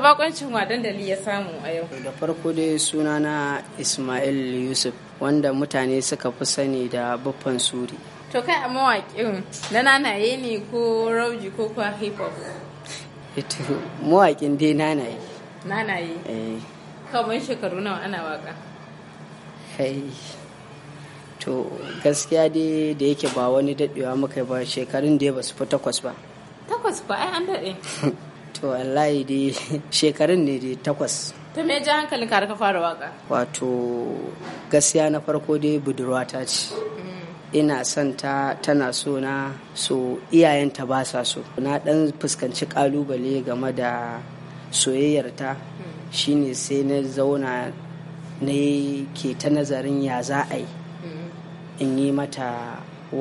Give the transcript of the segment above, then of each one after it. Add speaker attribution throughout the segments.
Speaker 1: bakoncin wa dandali ya samu a yau?
Speaker 2: Da farko dai suna na Ismail Yusuf wanda mutane suka fi sani da Buffan Suri.
Speaker 1: To kai a mawaƙin na nanaye ne ko rauji ko kwa hip hop?
Speaker 2: Ito mawaƙin dai nanaye. Nanaye? Eh.
Speaker 1: Kamar shekaru nawa ana waka?
Speaker 2: Kai. To gaskiya dai da yake ba wani daɗewa muka ba shekarun da ya ba su fi takwas ba.
Speaker 1: Takwas ba ai an daɗe.
Speaker 2: to wallahi dai shekarun ne dai takwas
Speaker 1: ta me ji hankalin ka ka fara waka
Speaker 2: wato gaskiya na farko dai budurwata ce ina son ta tana so na so iyayenta ba sa so na dan fuskanci kalubale game da soyayyarta shine sai na zauna na ke ta nazarin ya za a yi in yi mata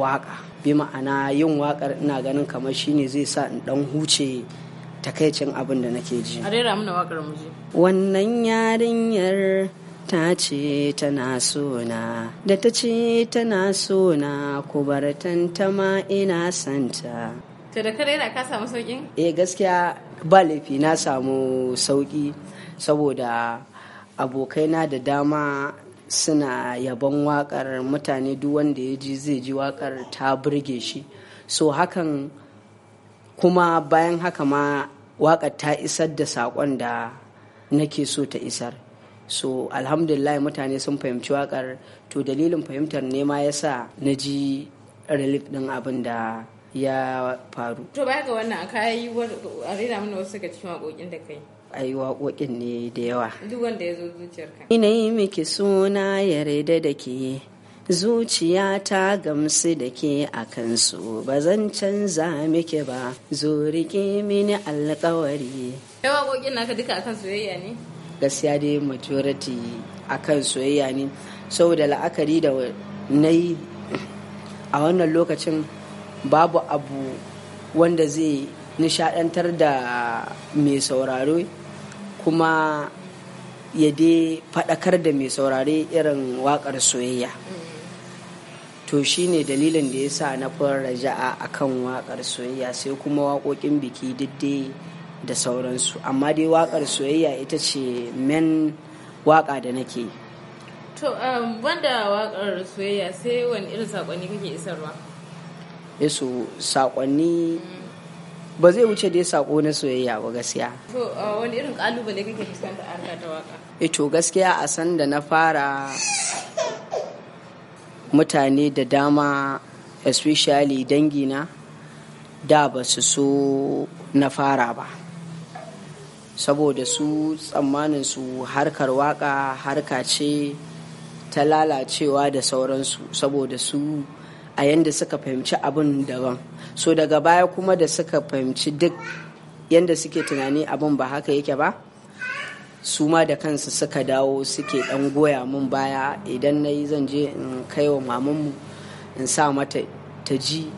Speaker 2: waka bi ma'ana yin wakar ina ganin kamar shine zai sa in dan huce takaicin abin da nake ji a rera mana wakar mu wannan yarinyar ta ce tana sona da ta ce tana sona ku bar tantama ina santa
Speaker 1: to da kare ka samu saukin.
Speaker 2: eh gaskiya ba laifi na samu sauki saboda abokaina da dama suna yabon wakar mutane duk wanda ya ji zai ji wakar ta burge shi so hakan kuma bayan haka ma waƙar ta isar da saƙon da nake so ta isar so alhamdulillah mutane sun fahimci waƙar to dalilin fahimtar ne ma ya sa na ji relief din abin da ya faru
Speaker 1: to baya ga wannan ka yi a rera mana wasu daga cikin waƙoƙin da kai
Speaker 2: ayi waƙoƙin ne da yawa
Speaker 1: duk wanda ya zo zuciyarka
Speaker 2: ina yi miki suna yarda da ke zuciya ta gamsu da ke a kansu ba zan canza miki ba zo riƙe mini alkawari
Speaker 1: yawa waƙoƙin naka duka akan soyayya ne
Speaker 2: gaskiya dai majority akan soyayya ne saboda la'akari da na yi a wannan lokacin babu abu wanda zai nishadantar da mai sauraro kuma ya dai faɗakar da mai saurare irin waƙar soyayya. Mm. to shi ne dalilin da ya sa na fara raja'a a kan waƙar soyayya sai kuma waƙoƙin biki diddai da sauransu amma dai waƙar soyayya ita ce men waƙa da nake
Speaker 1: to wanda um, waƙar soyayya sai wani irin saƙonni kake isarwa
Speaker 2: yaso saƙonni ba zai wuce dai saƙo na soyayya ba gaskiya
Speaker 1: to uh, wani irin ƙalubale kake fuskanta a harkar ta waƙa
Speaker 2: eh to gaskiya a san da na fara mutane da dama especially dangina da ba su so na fara ba saboda su tsammanin su harkar waka harka ce ta lalacewa da sauransu saboda su a yadda suka fahimci abin daban so daga baya kuma da suka fahimci duk yadda suke tunani abin ba haka yake ba su ma da kansu suka dawo suke dan goya mun baya idan na yi zan je in kai wa mamanmu in sa mata ta ji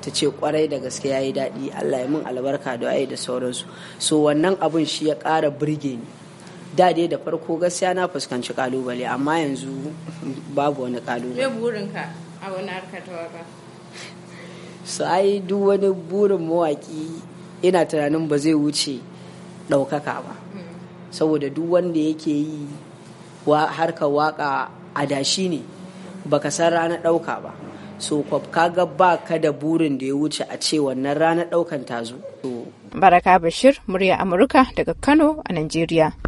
Speaker 2: ta ce kwarai da gaske ya yi daɗi allah ya mun albarka da waye da sauransu so wannan abun shi ya ƙara birge ni da dai da farko gaskiya na fuskanci kalubale amma yanzu babu wani kalubale ai duk wani burin mawaki ina tunanin ba zai wuce ɗaukaka ba saboda duk wanda yake yi wa harkar waka adashi ne baka san ranar ɗauka ba so kaga ba ka da burin da ya wuce a ce wannan rana ɗaukan ta zo. baraka bashir murya amurka daga kano a najeriya